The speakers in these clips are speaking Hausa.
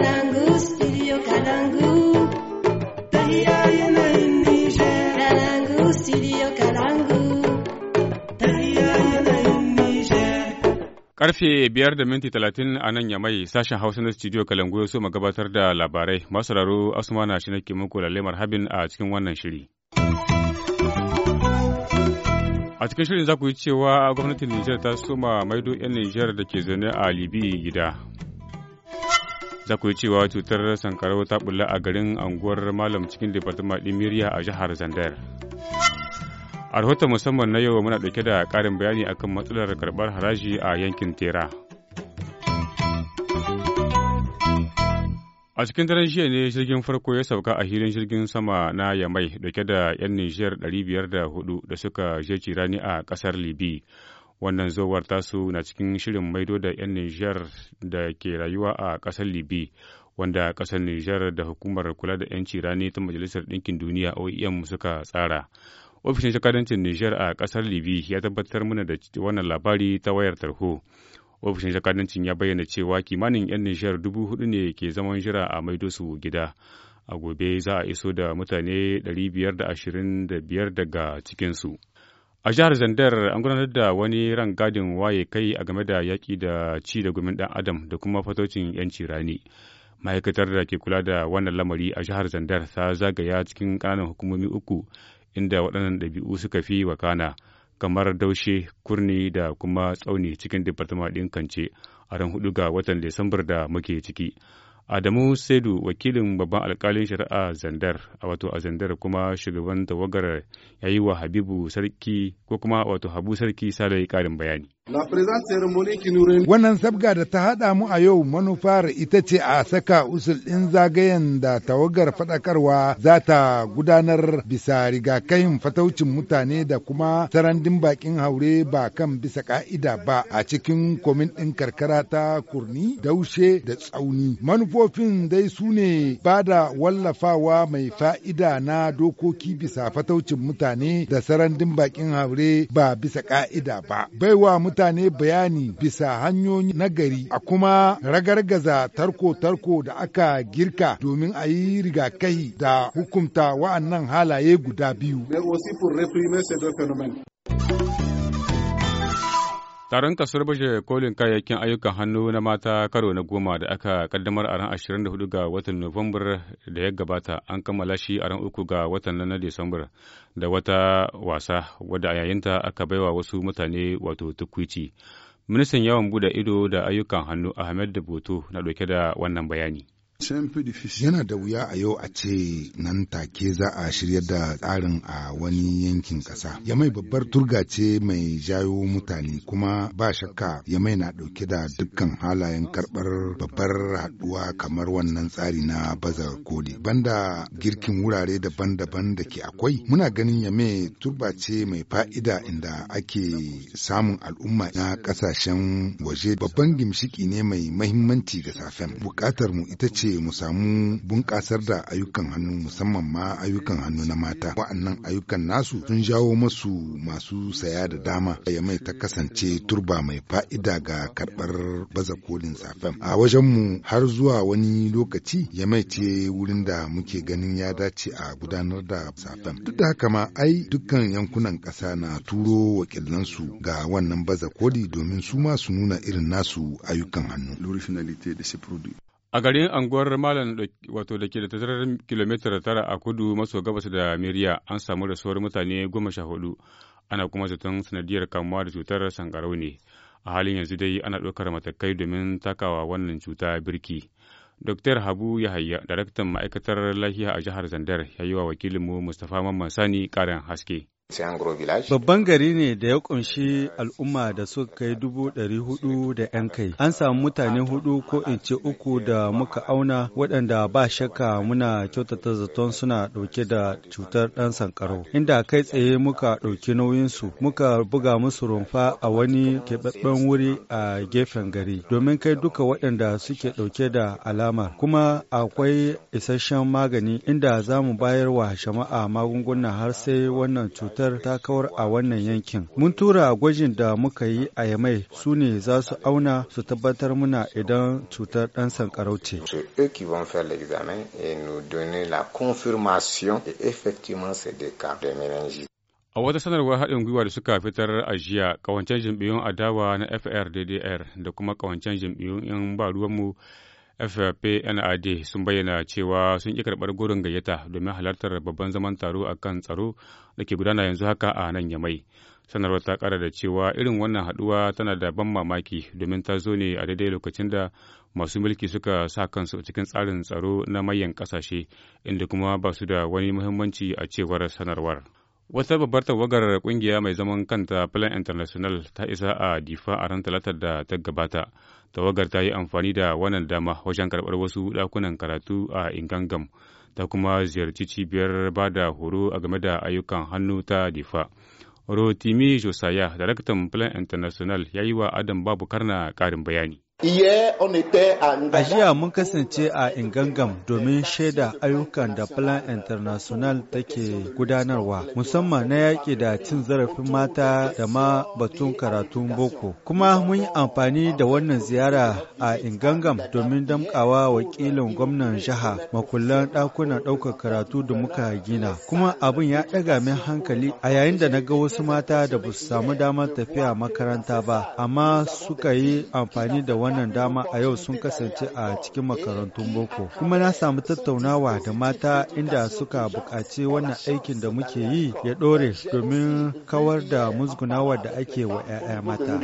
kalangu karfe biyar da minti talatin a nan yamai sashen hausa na studio kalangu ya so gabatar da labarai masu raro asuma na shi nake muku lalle marhabin a cikin wannan shiri. A cikin shirin za ku yi cewa gwamnatin Nijar ta soma maido 'yan Nijar da ke zaune a alibi gida. za ku yi cewa cutar sankarau ta bulla a garin anguwar malam cikin departama ɗin miriya a jihar zandar a rahoton musamman na yau muna dauke da ƙarin bayani akan matsalar karɓar haraji a yankin tera a cikin daren jiya ne jirgin farko ya sauka a hirin jirgin sama na yamai dauke da 'yan nijiyar 504 da suka je rani a kasar libi wannan zowar tasu na cikin shirin maido da 'yan nijar da ke rayuwa a ƙasar libi wanda ƙasar nijar da hukumar kula da 'yanci rani ta majalisar ɗinkin duniya oem suka tsara ofishin jakadancin nijar a ƙasar libi ya tabbatar mana da wannan labari ta wayar tarho ofishin jakadancin ya bayyana cewa kimanin 'yan nijar dubu hudu ne ke zaman jira a maido su gida a gobe za a iso da mutane 525 daga cikinsu. A jihar Zandar an gudanar da wani ran gadin waye kai a game da yaƙi da ci da gumin dan adam da kuma fatocin 'yanci rani. Ma'aikatar da ke kula da wannan lamari a jihar Zandar ta zagaya cikin ƙananan hukumomi uku inda waɗannan ɗabi'u suka fi wakana kamar daushe, kurni da kuma tsauni cikin Departement ɗin Kance a ran hudu ga watan Desambar da muke ciki. Adamu Saidu wakilin babban alkalin shari'a Zandar a wato a Zandar kuma shugaban tawagar ya yi wa Habibu Sarki ko kuma wato Habu Sarki salai ƙarin bayani. Wannan sabga da ta haɗa mu a yau manufar ita ce a saka usul ɗin zagayen da tawagar faɗakarwa za ta gudanar bisa rigakayin fataucin mutane da kuma sarandin bakin haure ba kan bisa ka'ida ba a cikin komin ɗin karkara ta kurni daushe da tsauni. Manufofin dai su ne ba da wallafawa mai fa'ida na dokoki bisa fataucin mutane da sarandin bakin haure ba bisa ka'ida ba. Baiwa mutane bayani bisa hanyoyi nagari a kuma ragargaza tarko-tarko da aka girka domin a yi rigakahi da hukumta wa'annan halaye guda biyu. Taron kasar baje kolin kayayyakin ayyukan hannu na mata karo na goma da aka kaddamar a ran 24 ga watan Nuwambar da ya gabata an kammala shi a ran uku ga watan nan na Disambar da wata wasa wadda a yayinta aka baiwa wasu mutane wato tukwici. Ministan yawon bude ido da ayyukan hannu Ahmed Boto na dauke da wannan bayani. Yana da wuya a yau a ce nan take za a shirya da tsarin a wani yankin ƙasa. Yamai babbar turga ce mai jayo mutane kuma ba shakka Yamai na ɗauke da dukkan halayen karɓar babbar haɗuwa kamar wannan tsari na baza koli. Banda girkin wurare daban-daban da ke akwai, muna ganin Yamai turba ce mai fa'ida inda ake samun al'umma na ƙasashen waje babban gimshiki ne mai mahimmanci ga safen. Buƙatar mu ita ce ce mu samu bunƙasar da ayyukan hannu musamman ma ayyukan hannu na mata. Wa'annan ayyukan nasu sun jawo masu masu saya da dama. Ya mai ta kasance turba mai fa'ida ga karɓar baza kolin safen. A wajenmu har zuwa wani lokaci ya mai ce wurin da muke ganin ya dace a gudanar da safen. Duk da haka ma ai dukkan yankunan ƙasa na turo wakilansu ga wannan baza koli domin su ma su nuna irin nasu ayyukan hannu. A garin anguwar Malam wato da ke da tattalin kilomita tara a kudu maso gabas da Miriya an samu rasuwar mutane goma sha hudu ana kuma zaton sanadiyar kamuwa da cutar sankarau ne. A halin yanzu dai ana ɗaukar matakai domin takawa wannan cuta birki. Dr. Habu Yahaya, daraktan ma'aikatar Lahiya a jihar Zandar, ya yi wa wakilinmu Mustapha Mamman Sani ƙarin haske. Babban gari ne da ya kunshi al'umma da suka kai dubu ɗari hudu da 'yan kai. An samu mutane hudu ko in ce uku da muka auna waɗanda ba shakka muna kyautata zaton suna ɗauke da cutar ɗan sankaro. Inda kai tsaye muka ɗauki nauyinsu muka buga musu rumfa a wani keɓaɓɓen wuri a gefen gari domin kai duka waɗanda suke ɗauke da alama. Kuma akwai isasshen magani inda za mu bayar wa jama'a magunguna har sai wannan cutar cutar ta kawar a wannan yankin. Mun tura gwajin da muka yi a Yamai su ne za su auna su tabbatar muna idan cutar ɗan sankarau ce. A wata sanarwar haɗin gwiwa da suka fitar a jiya, kawancen jam'iyyun adawa na FRDDR da kuma kawancen jimbiyun 'yan ba ruwanmu FFPNAD sun bayyana cewa sun ƙi karɓar gurin gayyata domin halartar babban zaman taro a kan tsaro da ke gudana yanzu haka a nan Yamai. Sanarwar ta ƙara da cewa irin wannan haɗuwa tana da ban mamaki domin ta zo ne a daidai lokacin da masu mulki suka sa kansu cikin tsarin tsaro na manyan ƙasashe inda kuma ba su da wani muhimmanci a cewar sanarwar. Wata babbar tawagar kungiya mai zaman kanta Plan International ta isa a Difa a ran talatar da ta gabata. tawagar ta yi amfani da wannan dama wajen karɓar wasu ɗakunan karatu a ingangam ta kuma ziyarci cibiyar ba da horo a game da ayyukan hannu ta difa rotimi josiah daraktan plan international ya yi wa adam babu karna ƙarin bayani A jiya mun kasance a Ingangam domin shaida ayyukan da Plan International take gudanarwa, musamman na yaƙi da cin zarafin mata da ma batun karatun boko. Kuma mun yi amfani da wannan ziyara a Ingangam domin damƙawa wakilin gwamnan jiha makullan ɗakunan ɗaukar karatu da muka gina. Kuma abin ya ɗaga min hankali a yayin da na ga wasu mata da ba su samu damar tafiya makaranta ba, amma suka yi amfani da wannan wannan dama a yau sun kasance a cikin makarantun boko kuma na samu tattaunawa da mata inda suka buƙaci wannan aikin da muke yi ya ɗore domin kawar da musgunawa da ake wa 'ya'ya mata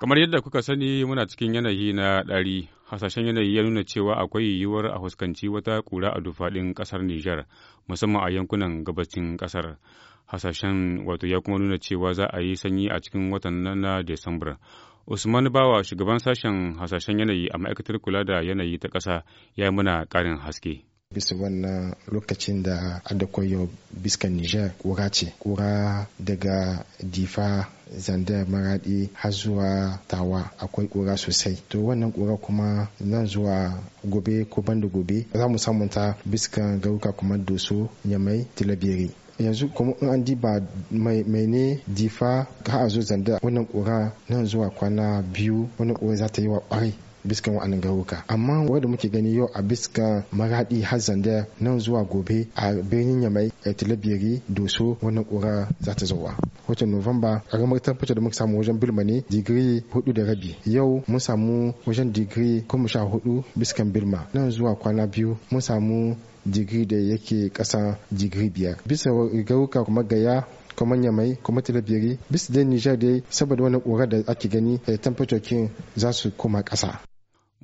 kamar yadda kuka sani muna cikin yanayi na ɗari hasashen yanayi ya nuna cewa akwai yiwuwar a fuskanci wata kura a dufaɗin ƙasar Nijar musamman a yankunan gabacin ƙasar. hasashen wato ya kuma nuna cewa za a yi sanyi a cikin watan nan na Desambra. Usman Bawa shugaban sashen hasashen yanayi a ma'aikatar kula da yanayi ta ƙasa ya yi mana ƙarin haske. bisa wannan lokacin da adakwayo biskan niger kura ce kura daga difa zandar maradi har zuwa tawa akwai kura sosai to wannan kura kuma nan zuwa gobe ko banda gobe za mu samunta biskan gauka kuma doso nyamai tilabiri yanzu kuma in an diba mai ne difa ka a zo zanda wannan kura nan zuwa kwana biyu wannan kura za ta yi wa kwarai biskan wa'annan garuka amma wanda muke gani yau a biskan maradi har zanda nan zuwa gobe a birnin yamai talabiri doso wannan kura za ta zauwa watan novamba karamar tabbata da muka samu wajen bilma ne digiri hudu da rabi yau mun samu wajen digiri kuma sha hudu biskan bilma nan zuwa kwana biyu mun samu digiri da yake kasa digiri biyar bisa garuka kuma gaya kuma yamai kuma talabiri bisa da nijar dai saboda wani kura da ake gani eh, tamfatokin za su koma kasa.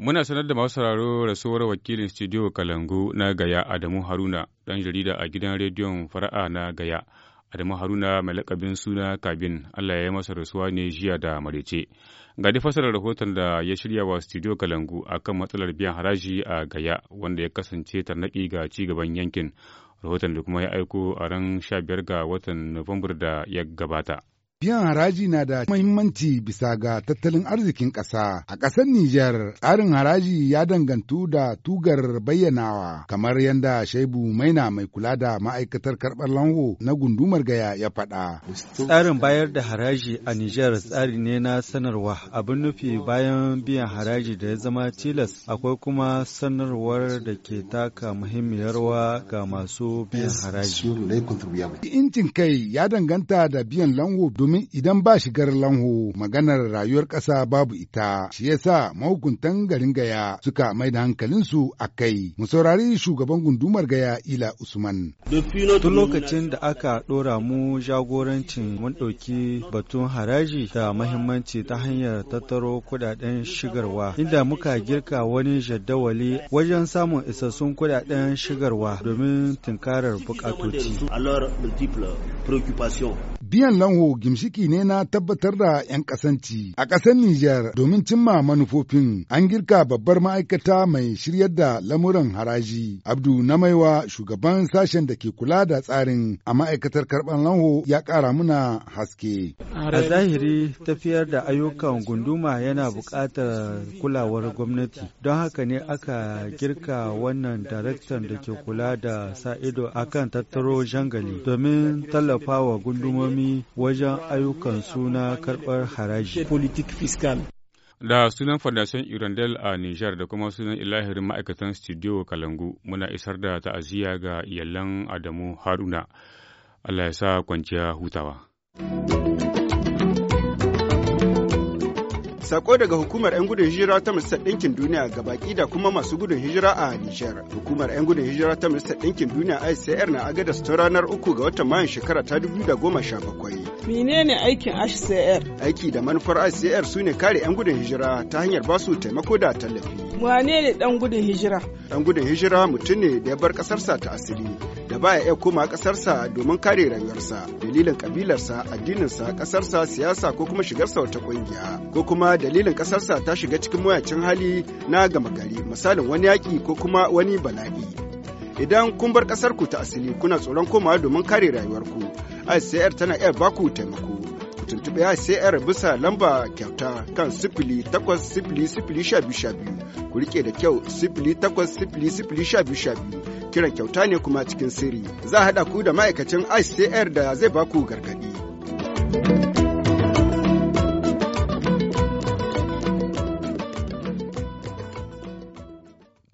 Muna sanar da masu sauraro rasuwar wakilin studio Kalangu na Gaya Adamu Haruna, ɗan jarida a gidan rediyon Fara'a na Gaya. Adamu Haruna mai lakabin suna Kabin, Allah ya yi masa rasuwa ne jiya da marece. Ga dai fasarar rahoton da ya shirya wa studio Kalangu akan matsalar biyan haraji a Gaya, wanda ya kasance tarnaƙi ga ci gaban yankin. Rahoton da kuma ya aiko a ran 15 ga watan Nuwambar da ya gabata. Biyan haraji na da mahimmanci bisa ga tattalin arzikin ƙasa. A ƙasar Nijar, tsarin haraji ya dangantu da tugar bayyanawa, kamar yadda Shaibu Maina mai kula da ma'aikatar karɓar lango, na gundumar gaya ya faɗa. Tsarin bayar da haraji a Nijar tsari ne na sanarwa, abin nufi bayan biyan haraji da ya zama tilas, akwai kuma sanarwar da ke taka muhimmiyar rawa ga masu biyan haraji. Incin kai ya danganta da biyan lanho domin idan ba shigar lanho maganar rayuwar ƙasa babu ita, shi yasa mahukuntan garin Gaya suka mai da hankalinsu a kai. Mu saurari shugaban gundumar Gaya Ila Usman. Tun lokacin da aka ɗora mu jagorancin mun ɗauki batun haraji da mahimmanci ta hanyar tattaro kuɗaɗen shigarwa, inda muka girka wani jaddawali wajen samun isassun kuɗaɗen shigarwa domin tunkarar bukatoci. Biyan lanho gimshiki ne na tabbatar da 'yan kasanci a ƙasar Nijar domin cimma manufofin an girka babbar ma'aikata mai shiryar da lamuran haraji. Abdu na maiwa shugaban sashen da ke kula da tsarin a ma'aikatar karɓar lanho ya ƙara muna haske. A zahiri tafiyar da ayyukan gunduma yana buƙatar kulawar gwamnati don haka ne aka girka wannan daraktan da ke kula da sa ido akan tattaro jangali domin tallafawa gundumomi himmomi wajen ayyukan suna karɓar haraji. Da sunan Fondation Irandel a Nijar da kuma sunan ilahirin ma'aikatan Studio Kalangu muna isar da ta'aziyya ga iyalan Adamu Haruna. Allah ya sa kwanciya hutawa. Sako daga hukumar 'yan gudun hijira ta Majalisar Ɗinkin Duniya ga baki da kuma masu gudun hijira a Nijar. Hukumar 'yan gudun hijira ta Majalisar Ɗinkin Duniya ICR na agada su ranar uku ga watan Mayun shekara ta dubu da sha bakwai. Menene aikin ICR? Aiki da manufar ICR su ne kare 'yan gudun hijira ta hanyar ba su taimako da tallafi. Wane ne ɗan gudun hijira? Ɗan gudun hijira mutum ne da ya bar ƙasarsa ta asiri. da baya iya koma ƙasarsa domin kare rayuwarsa dalilin ƙabilarsa addininsa ƙasarsa siyasa ko kuma shigarsa wata ƙungiya ko kuma dalilin ƙasarsa ta shiga cikin mayacin hali na gama gari misalin wani yaƙi ko kuma wani bala'i. Idan kun bar ƙasarku ta asali kuna tsoron komawa domin kare rayuwarku, ICR tana iya baku taimako. tuntuɓe ICR bisa lamba kyauta kan sifili takwas sifili sifili sha biyu ku rike da kyau sifili takwas sifili sifili sha biyu kiran kyauta ne kuma cikin sirri za a haɗa ku da ma'aikacin ICR da zai baku gargaɗi.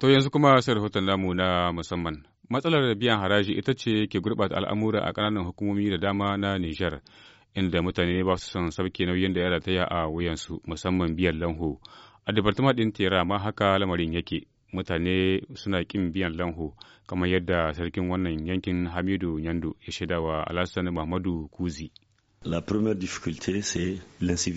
To yanzu kuma sai rahoton namu na musamman. Matsalar biyan haraji ita ce ke gurɓata al'amura a ƙananan hukumomi da dama na Nijar, inda mutane ba su son sauke nauyin da ya rataya a wuyansu musamman biyan lanho. A Departement ɗin Tera ma haka lamarin yake, mutane suna ƙin biyan lanho kamar yadda sarkin wannan yankin Hamidu Nyando ya shaidawa Alhassan Muhammadu Kuzi.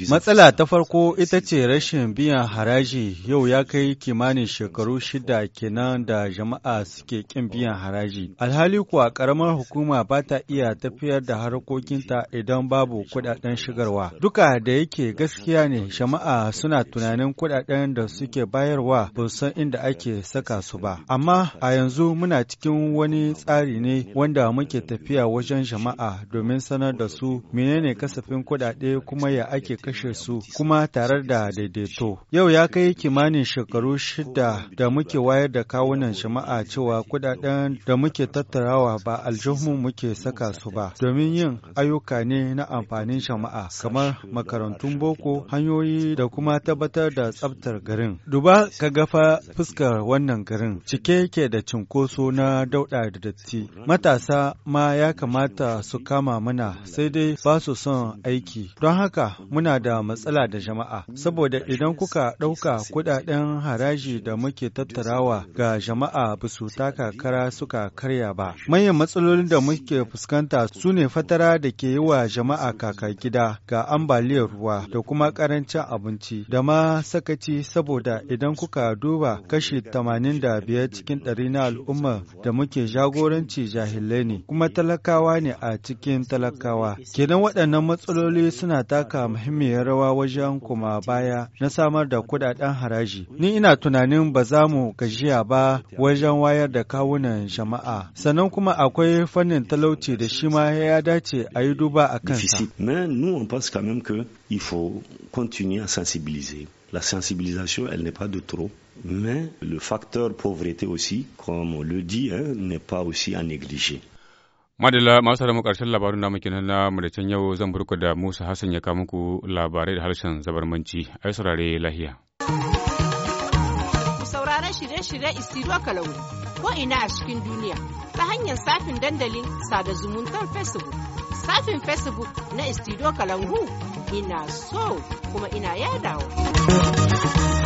Matsala ta farko ita ce rashin biyan haraji yau ya kai kimanin shekaru shida kenan da jama'a suke ƙin biyan haraji. Alhali kuwa karamar hukuma ba ta iya tafiyar da harkokinta idan babu kudaden shigarwa. Duka da yake gaskiya ne jama'a suna tunanin kudaden da suke bayarwa ba san inda ake saka su ba. Amma a yanzu muna cikin wani tsari ne wanda muke tafiya wajen jama'a domin sanar da su menene menene kasafin kuɗaɗe kuma ya ake kashe su kuma tare da daidaito. Yau ya kai kimanin shekaru shida da muke wayar da kawunan jama'a cewa kuɗaɗen da muke tattarawa ba aljihun muke saka su ba domin yin ayyuka ne na amfanin jama'a kamar makarantun boko hanyoyi da kuma tabbatar da tsabtar garin. Duba ka gafa fuskar wannan garin cike yake da cinkoso na dauɗa da datti. Matasa ma ya kamata su kama mana sai dai ba su su son aiki. Don haka muna da matsala da jama'a, saboda idan kuka ɗauka kuɗaɗen haraji da muke tattarawa ga jama'a ba su taka kara suka karya ba. Manyan matsalolin da muke fuskanta su ne fatara da ke yi wa jama'a kaka gida ga ambaliyar ruwa da kuma ƙarancin abinci da ma sakaci saboda idan kuka duba kashi tamanin da biyar cikin ɗari na al'umma da muke jagoranci jahilai ne kuma talakawa ne a cikin talakawa. Kenan waɗannan matsaloli suna taka muhimmiyar rawa wajen kuma baya na samar da kudaden haraji. Ni ina tunanin ba za mu gajiya ba wajen wayar da kawunan jama'a. Sannan kuma akwai fannin talauci da shi ma ya dace a yi duba a kansa. La sensibilisation, elle n'est pas de trop, mais le facteur pauvreté aussi, comme on le dit, n'est pas aussi à négliger. Madalla masu da mu ƙarshen labarin namu kenan na maraicen yau zan burku da Musa Hassan ya kawo muku labarai da harshen zabarmanci. Ai saurare lahiya. Ku sauraron shirye-shirye Isiro kalangu ko ina a cikin duniya ta hanyar safin dandalin sada zumuntar Facebook. Safin Facebook na istido Kalangu ina so kuma ina yadawa.